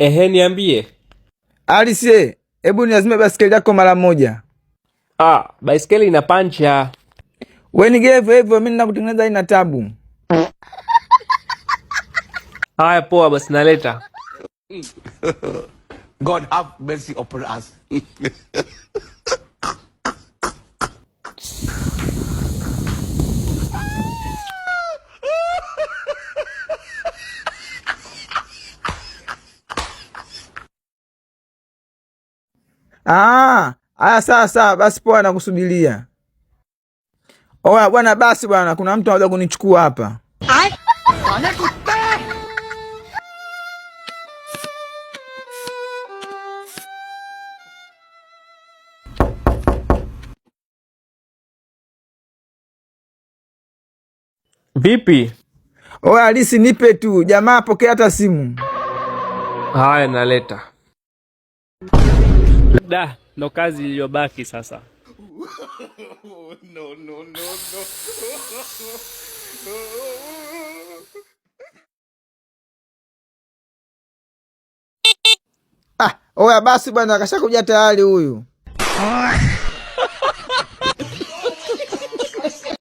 Ehe, niambie. Alice, hebu niazime baiskeli yako mara moja. Ah, baiskeli ina pancha. We ni gevu hivyo, mimi nakutengeneza ina tabu. Haya, poa basi, naleta. God have mercy upon us. Ah, Aya, sawa sawa, basi poa, nakusubiria. Oya bwana, basi bwana, kuna mtu anaweza kunichukua hapa. Vipi? Oya Alisi, nipe tu jamaa, pokea hata simu. Haya, naleta. Da, ndo kazi iliyobaki sasa. No, no, no, no. Ah, oya basi bwana, akashakuja tayari huyu.